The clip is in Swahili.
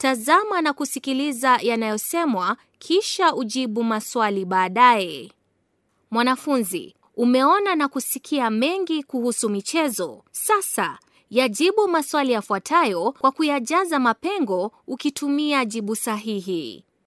Tazama na kusikiliza yanayosemwa kisha ujibu maswali baadaye. Mwanafunzi, umeona na kusikia mengi kuhusu michezo. Sasa yajibu maswali yafuatayo kwa kuyajaza mapengo ukitumia jibu sahihi.